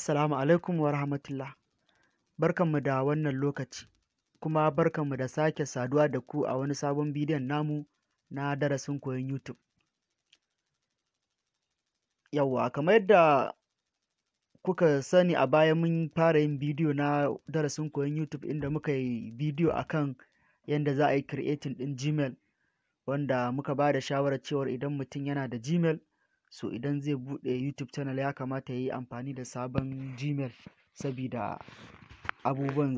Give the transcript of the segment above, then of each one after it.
Assalamu alaikum wa rahmatullah. Barkanmu da wannan lokaci, kuma barkanmu da sake saduwa da ku a wani sabon bidiyon namu na darasin koyon YouTube. Yawwa, kamar yadda kuka sani a baya mun fara yin bidiyo na darasin koyon YouTube inda muka yi bidiyo akan yadda za a yi creating ɗin Gmail, wanda muka ba da shawarar cewar idan mutum yana da Gmail, so idan zai buɗe youtube channel ya kamata ya yi amfani da sabon gmail sabida abubuwan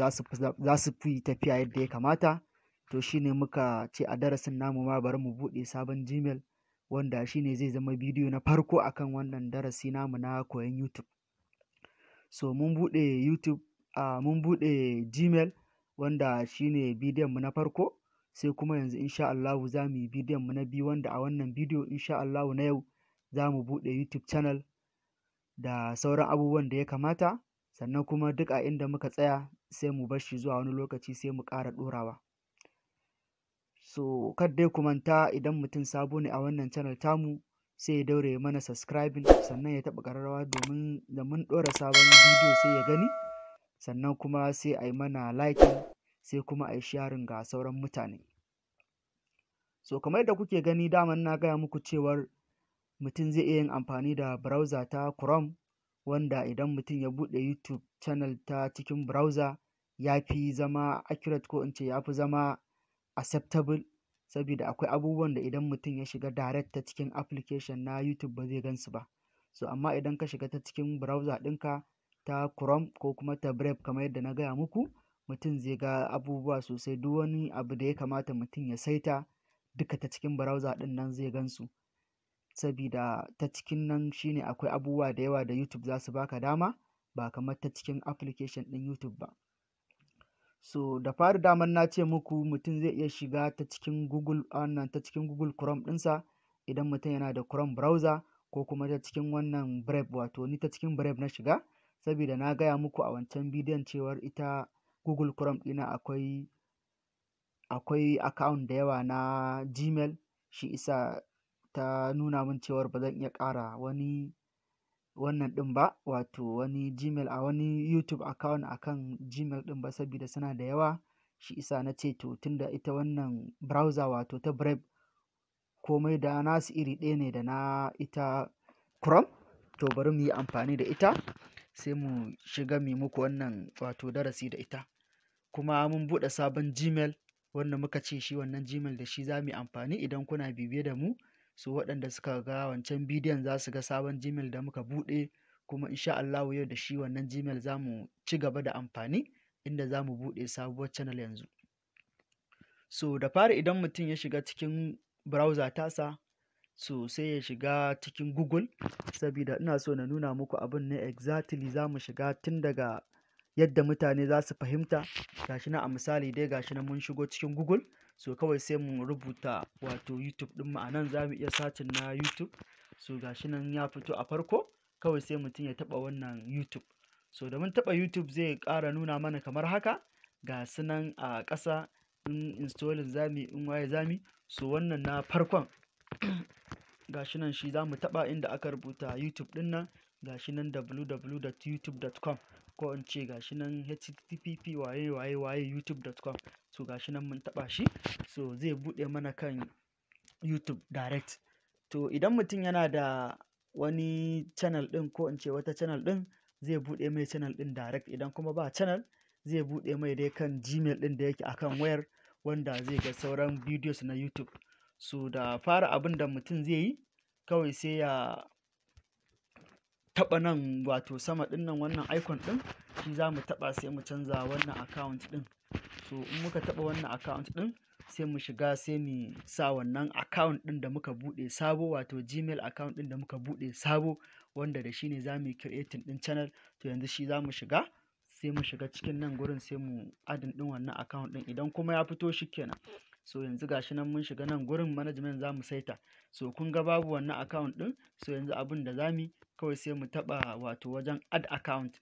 za su fi tafiya yadda ya kamata to shine muka ce a darasin namu ma bari mu buɗe sabon gmail wanda shine zai zama bidiyo na farko akan wannan darasi namu na koyon youtube so mun buɗe youtube uh, mun buɗe gmail wanda shine bidiyon mu na farko sai kuma yanzu insha Allahu za mu yi bidiyon mu na biyu wanda a wannan bidiyo insha Allahu na yau za mu buɗe YouTube channel da sauran abubuwan da ya kamata sannan kuma duk a inda muka tsaya sai mu bar shi zuwa wani lokaci sai mu ƙara ɗorawa. So kar dai ku manta idan mutum sabo ne a wannan channel tamu sai ya daure mana subscribing sannan ya taɓa ƙararrawa domin da mun ɗora sabon bidiyo sai ya gani sannan kuma sai a yi mana liking sai kuma a yi sharing ga sauran mutane. So kamar yadda kuke gani daman na gaya muku cewar mutum zai iya yin amfani da browser ta Chrome wanda idan mutum ya buɗe YouTube channel ta cikin browser ya fi zama accurate ko in ce ya fi zama acceptable saboda akwai abubuwan da idan mutum ya shiga direct ta cikin application na YouTube ba zai gansu ba. So amma idan ka shiga ta cikin browser ɗinka ta Chrome ko kuma ta Brave kamar yadda na gaya muku mutum zai ga abubuwa sosai duk wani abu da ya kamata mutum ya saita duka ta cikin browser ɗin nan zai gansu. sabida ta cikin nan shine akwai abubuwa da yawa da YouTube za su baka dama ba kamar ta cikin application ɗin YouTube ba. So da fari damar na ce muku mutum zai iya shiga ta cikin Google wannan ta cikin Google Chrome ɗinsa idan mutum yana da Chrome browser ko kuma ta cikin wannan Brave wato ni ta cikin Brave na shiga saboda na gaya muku a wancan bidiyon cewar ita Google Chrome ɗina akwai akwai account da yawa na Gmail shi isa ta nuna min cewar ba zan iya ƙara wani wannan ɗin ba wato wani Gmail a wani YouTube account akan Gmail ɗin ba saboda suna da yawa shi isa na ce to tunda ita wannan browser wato ta Brave komai da nasu iri ɗaya ne da na ita Chrome to bari mu yi amfani da ita sai mu shiga mu muku wannan wato darasi da ita kuma mun buɗe sabon Gmail wanda muka ce shi wannan Gmail da shi za mu yi amfani idan kuna bibiye da mu su waɗanda suka ga wancan bidiyon za su ga sabon gmail da muka buɗe kuma insha Allah yau da shi wannan gmail za mu ci gaba da amfani inda za mu buɗe sabuwar channel yanzu so da fari idan mutum ya shiga cikin browser tasa so sai ya shiga cikin google saboda ina so na nuna muku abin ne exactly za mu shiga tun daga yadda mutane za su fahimta gashi na a misali dai gashi na mun shigo cikin google so kawai sai mu rubuta wato youtube ɗinmu a nan za mu iya satin na youtube so gashi nan ya fito a farko kawai sai mutum ya taɓa wannan youtube so da mun taɓa youtube zai kara nuna mana kamar haka ga su nan a ƙasa in installing zami in waye zami so wannan na farkon gashi nan shi za mu taɓa inda aka rubuta youtube ɗin nan gashi nan www.youtube.com ko in ce gashi nan http waye waye waye youtube.com so gashi nan mun taba shi so zai bude mana kan youtube direct to idan mutum yana da wani channel din ko in ce wata channel din zai bude mai channel din direct idan kuma ba channel zai bude mai dai kan gmail din da yake akan wayar wanda zai ga sauran videos na youtube so da fara abin da mutum zai yi kawai sai ya taɓa nan wato sama ɗin nan wannan icon ɗin shi za mu taɓa sai mu canza wannan account ɗin so in muka taɓa wannan account ɗin sai mu shiga sai mu sa wannan account ɗin da muka buɗe sabo wato gmail account ɗin da muka buɗe sabo wanda da shi ne za mu yi creating ɗin channel to yanzu shi za mu shiga sai mu shiga cikin nan gurin sai mu adin ɗin wannan account ɗin idan kuma ya fito shi kenan so yanzu gashi nan mun shiga nan gurin management za mu saita so kun ga babu wannan account din so yanzu abin da za mu kawai sai mu taɓa wato wajen add account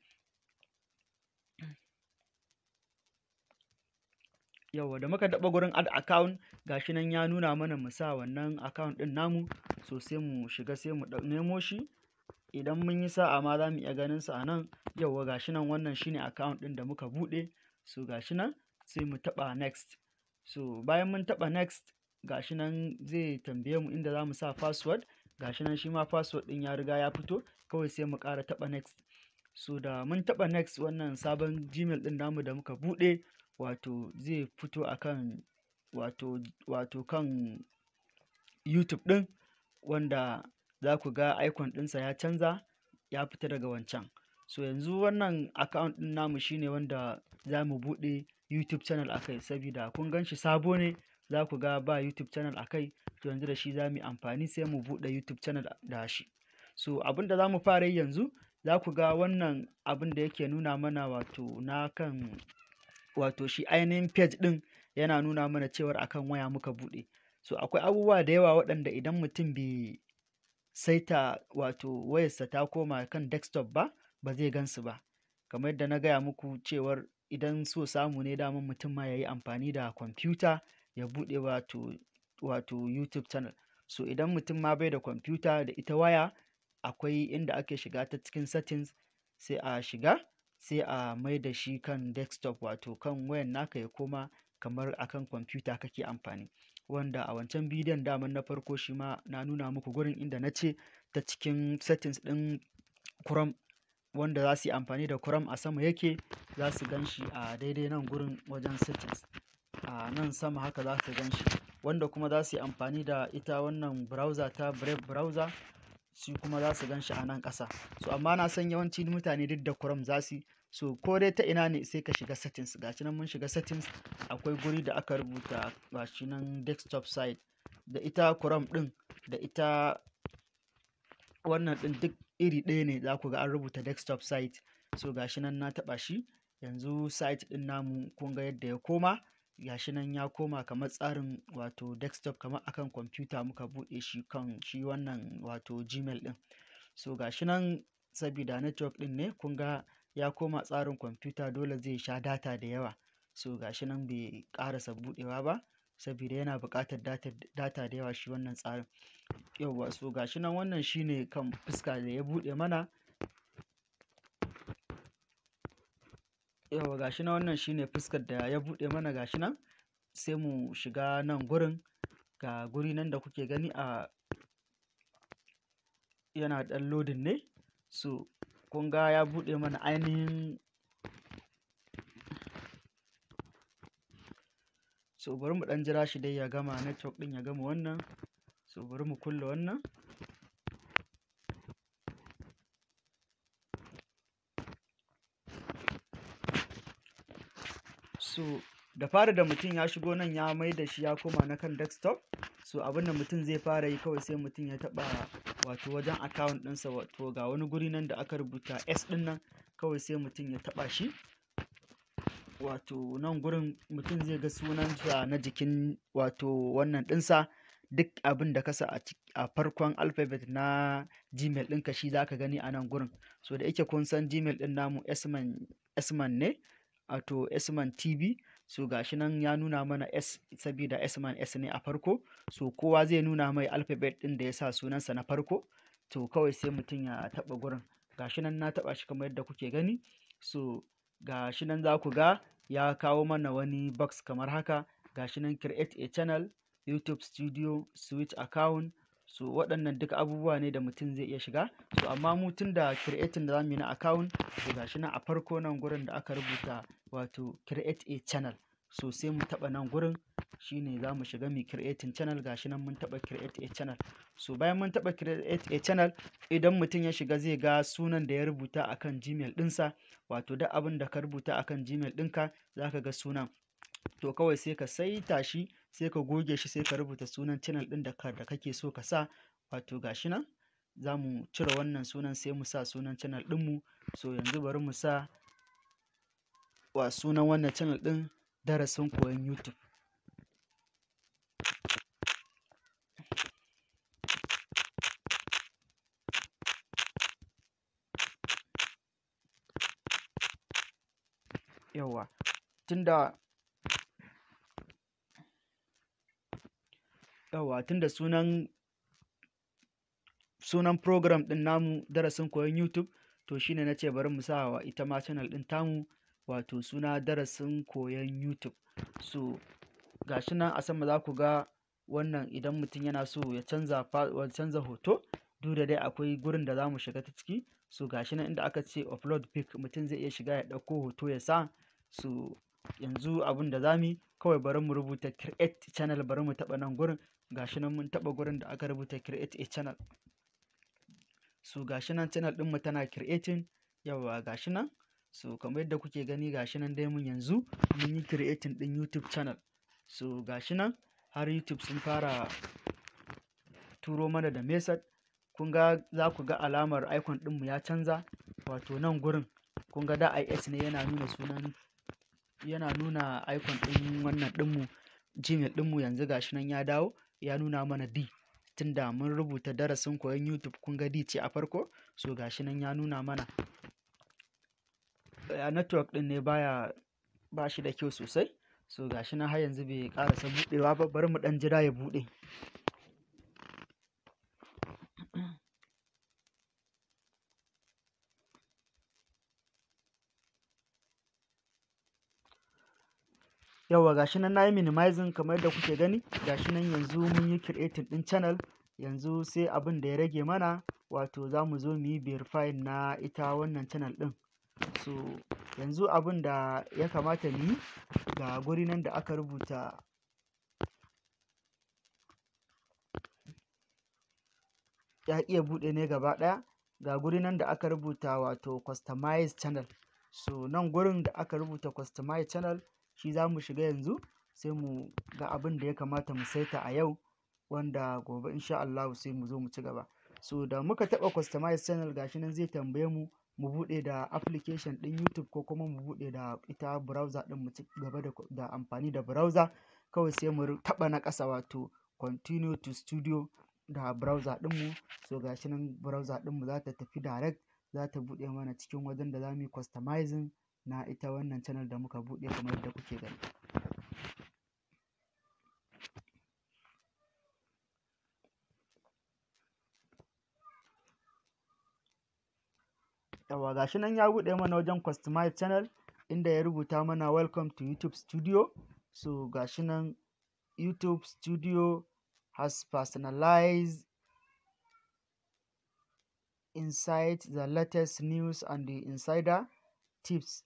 yawa da muka taɓa gurin add account gashi nan ya nuna mana mu sa wannan account ɗin namu so sai mu shiga sai mu nemo shi idan mun yi sa'a ma za mu iya ganin sa a nan yawa gashi nan wannan shine account ɗin da muka buɗe so gashi nan sai mu taɓa next so bayan mun taɓa next gashi nan zai tambaye mu inda za mu sa password gashi nan shi ma password ɗin ya riga ya fito kawai sai mu ƙara taɓa next so da mun taɓa next wannan sabon gmail ɗin namu da muka buɗe wato zai fito akan wato wato kan youtube ɗin wanda za ku ga icon ɗinsa ya canza ya fita daga wancan so yanzu wannan account ɗin namu shine wanda za mu buɗe YouTube channel akai kai sabida kun gan shi sabo ne za ku ga ba YouTube channel akai kai to yanzu da shi zamu mu yi amfani sai mu buɗe YouTube channel da shi so abin zamu fara yi yanzu za ku ga wannan abin da yake nuna mana wato na kan wato shi ainihin page din yana nuna mana cewar akan waya muka buɗe so akwai abubuwa da yawa waɗanda idan mutum bai saita wato wayarsa ta koma kan desktop ba ba zai gansu ba kamar yadda na gaya muku cewar idan so samu ne daman mutum ma ya yi amfani da kwamfuta ya buɗe wato wato YouTube channel. So idan mutum ma bai da kwamfuta da ita waya akwai inda ake shiga ta cikin settings sai a shiga sai a mai da shi kan desktop wato kan wayan naka ya koma kamar akan kwamfuta kake amfani. Wanda a wancan bidiyon daman na farko shi ma na nuna muku gurin inda na ce ta cikin settings ɗin Chrome wanda za su yi amfani da kuram a sama yake za su gan shi a daidai nan gurin wajen settings a nan sama haka za su gan shi wanda kuma za su yi amfani da ita wannan browser ta Brave browser su kuma za su gan shi a nan ƙasa so amma na san yawanci mutane duk da kuram za su so ko dai ta ina ne sai ka shiga settings ga nan mun shiga settings akwai guri da aka rubuta gashi nan desktop side da ita kuram ɗin da ita wannan ɗin duk iri ɗaya ne za ku ga an rubuta desktop site so gashi nan na taɓa shi yanzu site ɗin namu kun ga yadda ya koma gashi nan ya koma kamar tsarin wato desktop kamar akan kwamfuta muka buɗe shi kan shi wannan wato gmail ɗin so gashi nan sabida network ɗin ne kun ga ya koma tsarin kwamfuta dole zai sha data da yawa so gashi nan bai ƙarasa buɗewa ba saboda yana buƙatar data da yawa shi wannan tsarin yauwa so ga shi nan wannan ne kan fuska da ya buɗe mana yauwa ga shi nan wannan shi ne fuskar da ya buɗe mana ga shi nan sai mu shiga nan gurin ga guri nan da kuke gani a yana ɗan lodin ne so kun ga ya buɗe mana ainihin so bari mu ɗan jira shi dai ya gama network ɗin ya gama wannan so bari mu kulle wannan so da fara da mutum ya shigo nan ya mai da shi ya koma na kan desktop so abin da mutum zai fara yi kawai sai mutum ya taɓa wato wajen account ɗinsa wato ga wani guri nan da aka rubuta s ɗin nan kawai sai mutum ya taɓa shi wato nan gurin mutum zai ga sunansa na jikin wato wannan ɗinsa duk abin da kasa a farkon alfabet na gmail ɗinka shi za ka gani a nan gurin so da yake kun san gmail ɗin namu sman ne wato sman tv so gashi nan ya nuna mana s saboda sman s ne a farko so kowa zai nuna mai alfabet ɗin da ya sa sunansa na farko to kawai sai mutum ya taɓa gurin gashi nan na taɓa shi kamar yadda kuke gani so ga shi nan za ku ga ya kawo mana wani box kamar haka ga shi nan create a channel youtube studio switch account so waɗannan duk abubuwa ne da mutum zai iya shiga so amma mu tun da creating da zamu yi na account to gashi nan a farko nan gurin da aka rubuta wato create a channel so sai mu taɓa nan gurin shine za mu shiga mu creating channel gashi nan mun taɓa create a channel so bayan mun taɓa create a channel idan mutum ya shiga zai ga sunan da ya rubuta akan gmail ɗinsa wato duk abin da ka rubuta akan gmail ɗinka za ka ga sunan to kawai sai ka saita shi sai ka goge shi sai ka rubuta sunan channel ɗin da kake so ka sa wato gashi nan za mu cire wannan sunan sai mu sa sunan channel ɗinmu so yanzu bari mu sa wa sunan wannan channel ɗin darasin koyon YouTube. rayuwa tunda yawwa tunda sunan sunan program ɗin namu darasin koyon YouTube to shine na ce bari mu sa wa ita ma channel ɗin tamu wato suna darasin koyon YouTube so gashi nan a sama za ku ga wannan idan mutum yana so ya canza canza hoto duk da dai akwai gurin da za mu shiga ta ciki so gashi nan inda aka ce upload pic mutum zai iya shiga ya ɗauko hoto ya sa Su yanzu abin da za mu yi kawai bari mu rubuta create channel bari mu taɓa nan gurin gashi nan mun taɓa gurin da aka rubuta create a channel ga gashi nan channel ɗinmu tana creating yawa gashi nan su kamar yadda kuke gani gashi nan dai mun yanzu mun yi creating ɗin youtube channel ga gashi nan har youtube sun fara turo mana da message kun ga za ku ga alamar icon ɗinmu ya canza wato nan gurin kun ga da is ne yana nuna sunan yana nuna icon ɗin wannan ɗinmu Gmail ɗinmu yanzu gashi nan ya dawo ya nuna mana D tunda mun rubuta darasin koyon YouTube kun ga D ce a farko so gashi nan ya nuna mana a network ɗin ne baya ba shi da kyau sosai so gashi nan har yanzu bai ƙarasa buɗewa ba bari mu ɗan jira ya buɗe yawa gashi nan nayi minimizing kamar yadda kuke gani gashi nan yanzu mun yi creating din channel yanzu sai abin da ya rage mana wato za mu zo mu yi verify na ita wannan channel din so yanzu abin da ya kamata mu yi ga guri nan da aka rubuta ya iya buɗe ne gaba ɗaya ga guri nan da aka rubuta wato customize channel so nan gurin da aka rubuta customize channel shi za mu shiga yanzu sai mu ga abin da ya kamata mu saita a yau wanda gobe insha Allahu sai mu zo mu ci gaba so da muka taɓa customize channel gashi nan zai tambaye mu mu buɗe da application ɗin YouTube ko kuma mu buɗe da ita browser ɗin mu ci gaba da amfani da browser kawai sai mu taɓa na ƙasa wato continue to studio da browser ɗinmu so gashi nan browser ɗinmu za ta tafi direct za ta buɗe mana cikin wajen da za mu yi customizing na ita wannan channel da muka buɗe kamar yadda kuke gani yawa gashi nan ya buɗe mana wajen customize channel inda ya rubuta mana welcome to youtube studio so gashi nan youtube studio has personalized insight the latest news and the insider tips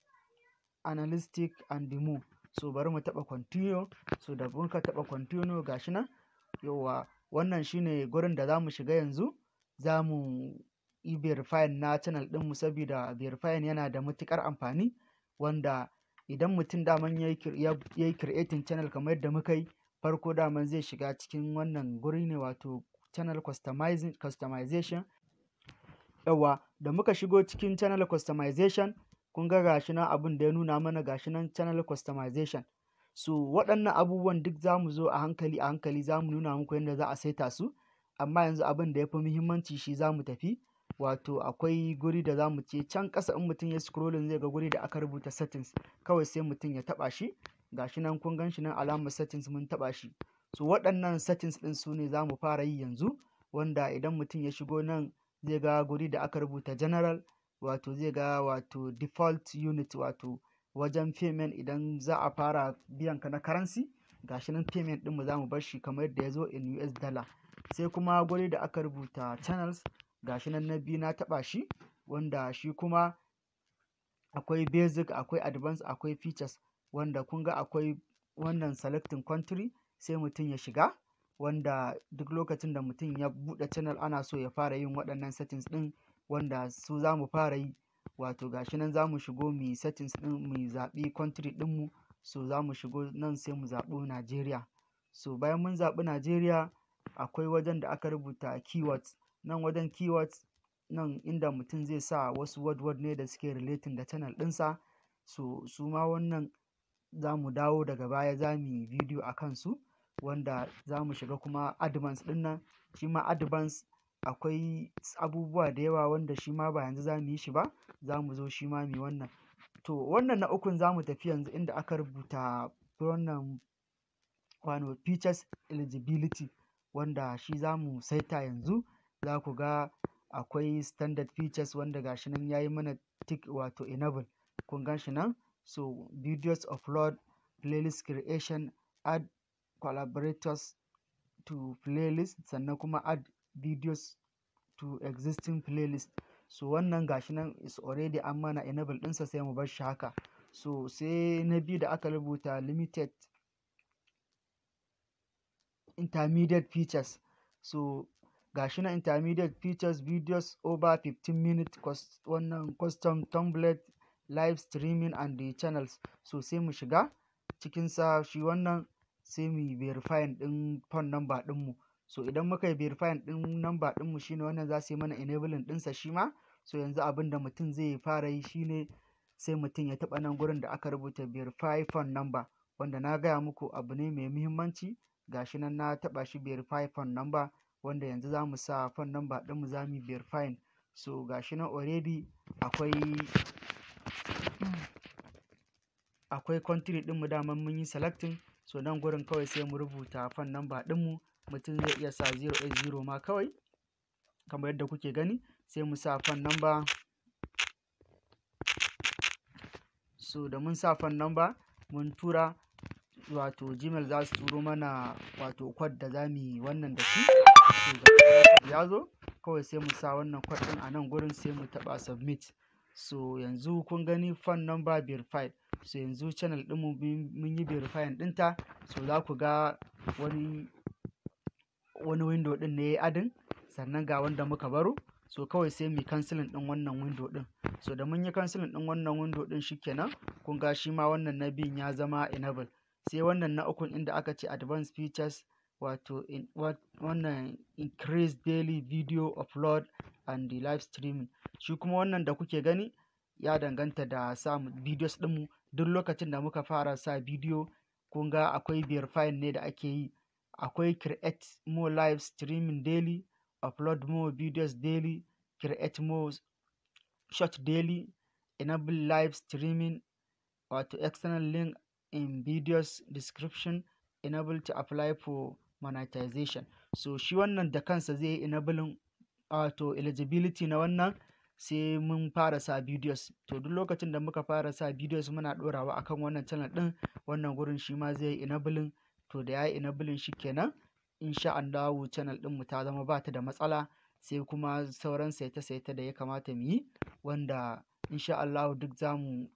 analytic and demo so bari mu taba continue so da muka taba continue gashi nan yawa wannan shine gurin da zamu shiga yanzu zamu mu yi verifying na channel mu saboda verify yana da matuƙar amfani wanda idan mutum daman ya yi creating channel kamar yadda muka yi farko daman zai shiga cikin wannan guri ne wato channel customization yawa da muka shigo cikin channel customization kun ga gashi nan abin da ya nuna mana gashi nan channel customization so waɗannan abubuwan duk za mu zo a hankali a hankali za mu nuna muku yadda za a saita su amma yanzu abin da ya fi muhimmanci shi za mu tafi wato akwai guri da za mu ce can ƙasa in mutum ya scrolling zai ga guri da aka rubuta settings kawai sai mutum ya taɓa shi gashi nan kun gan shi nan alamar settings mun taɓa shi so waɗannan settings ɗin su ne za mu fara yi yanzu wanda idan mutum ya shigo nan zai ga guri da aka rubuta general wato zai ga wato default unit wato wajen payment idan za a fara biyan ka na currency gashi nan payment ɗinmu za mu bar shi kamar yadda ya zo in US dollar sai kuma guri da aka rubuta channels gashi nan na biyu na taɓa shi wanda shi kuma akwai basic akwai advanced akwai features wanda kun ga akwai wannan selecting country sai mutum ya shiga wanda duk lokacin da mutum ya buɗe channel ana so ya fara yin waɗannan settings ɗin wanda su za mu fara yi wato ga shi nan za mu shigo mu yi settings ɗin mu zaɓi country ɗinmu so za mu shigo nan sai mu zaɓi Najeriya so bayan mun zaɓi Najeriya akwai wajen da aka rubuta keywords nan wajen keywords nan inda mutum zai sa wasu word word ne da suke relating da channel ɗinsa so su ma wannan za mu dawo daga baya za mu yi video a kansu wanda za mu shiga kuma advance ɗin nan shi ma advance akwai abubuwa da yawa wanda shima ba yanzu zamu yi shi ba, za zo shi ma wannan. To wannan na ukun zamu tafi yanzu inda aka rubuta wannan kwano features eligibility wanda shi za saita yanzu. Za ku ga akwai standard features wanda ga shi nan ya yi mana tik wato enable. Kun gan shi nan. So videos upload, playlist creation, add collaborators to playlist sannan kuma add videos to existing playlist so wannan gashi nan is already an mana enable ɗinsa sai mu bar shi haka so sai na biyu da aka rubuta limited intermediate features so gashi na intermediate features videos over 15 minute cost wannan custom template live streaming and the channels so sai mu shiga cikin sa shi wannan sai mu verifying din phone number mu. so idan muka yi verifying ɗin namba ɗinmu shine wannan za su yi mana enabling ɗinsa shi ma so yanzu abin da mutum zai fara yi shine sai mutum ya taɓa nan gurin da aka rubuta verify phone number wanda na gaya muku abu ne mai muhimmanci gashi nan na taɓa shi verify phone number wanda yanzu za mu sa phone number ɗinmu za mu verifying so gashi nan already akwai akwai country ɗinmu daman mun yi selecting so nan gurin kawai sai mu rubuta phone number ɗinmu mutum zai iya sa 080 ma kawai kamar yadda kuke gani sai mu sa fan number so da mun sa fan number mun tura wato gmail za su turo mana wato kwad da za mu yi wannan da shi ya zo kawai sai mu sa wannan kwad ɗin a nan gurin sai mu taɓa submit so yanzu kun gani fan number verified so yanzu channel ɗinmu mun yi verifying ɗinta so za ku ga wani wani windo ɗin ne ya yi adin sannan ga wanda muka baro so kawai sai mu kansilin ɗin wannan window ɗin so da mun yi kansilin ɗin wannan window ɗin shikenan kun ga shi ma wannan na biyun ya zama enable sai wannan na ukun inda aka ce advance features wato wannan increase daily video upload and the live streaming shi kuma wannan da kuke gani ya danganta da sa videos mu. duk lokacin da muka fara sa video. kun ga akwai verifying ne da ake yi akwai create more live streaming daily upload more videos daily create more short daily enable live streaming to external link in videos description enable to apply for monetization so shi wannan da kansa zai yi enabling wato eligibility na wannan sai mun fara sa videos to duk lokacin da muka fara sa videos muna ɗorawa akan wannan channel ɗin wannan gurin shi ma zai yi enabling to da yayi enabling shi kenan insha Allahu channel ɗin mu ta zama ba ta da matsala sai kuma sauran saita saita da ya kamata mu yi wanda insha Allahu duk zamu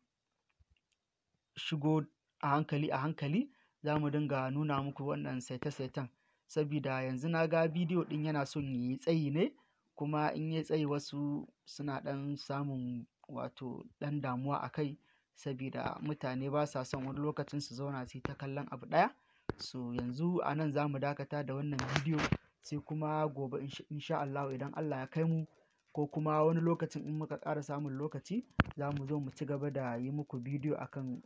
shigo a hankali a hankali zamu mu dinga nuna muku wannan saita saitan sabida yanzu na ga bidiyo ɗin yana son yi tsayi ne kuma in ya tsayi wasu suna ɗan samun wato ɗan damuwa a kai sabida mutane ba sa son wani lokacin su zauna su yi ta kallon abu ɗaya So yanzu a nan za mu dakata da wannan bidiyo sai kuma gobe insha Allahu idan Allah ya kai mu ko kuma wani lokacin in muka ƙara samun lokaci za mu zo mu ci gaba da yi muku bidiyo akan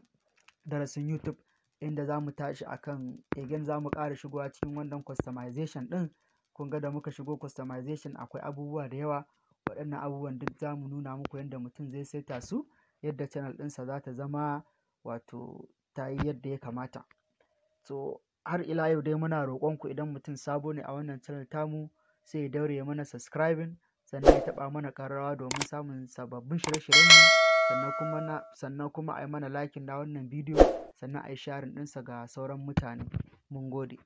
darasin YouTube inda za mu tashi akan again za mu ƙara shigowa cikin wannan customization ɗin kun ga da muka shigo customization akwai abubuwa da yawa waɗannan abubuwan duk za mu nuna muku yadda mutum zai saita su yadda channel ɗinsa za ta zama wato ta yi yadda ya kamata so har ila yau dai muna roƙon ku idan mutum sabo ne a wannan channel tamu sai ya daure ya mana subscribing sannan ya taɓa mana ƙararrawa domin samun sababbin shirye-shiryenmu sannan kuma na sannan kuma a yi mana likin na wannan bidiyo sannan a yi sharing ɗinsa ga sauran mutane mun gode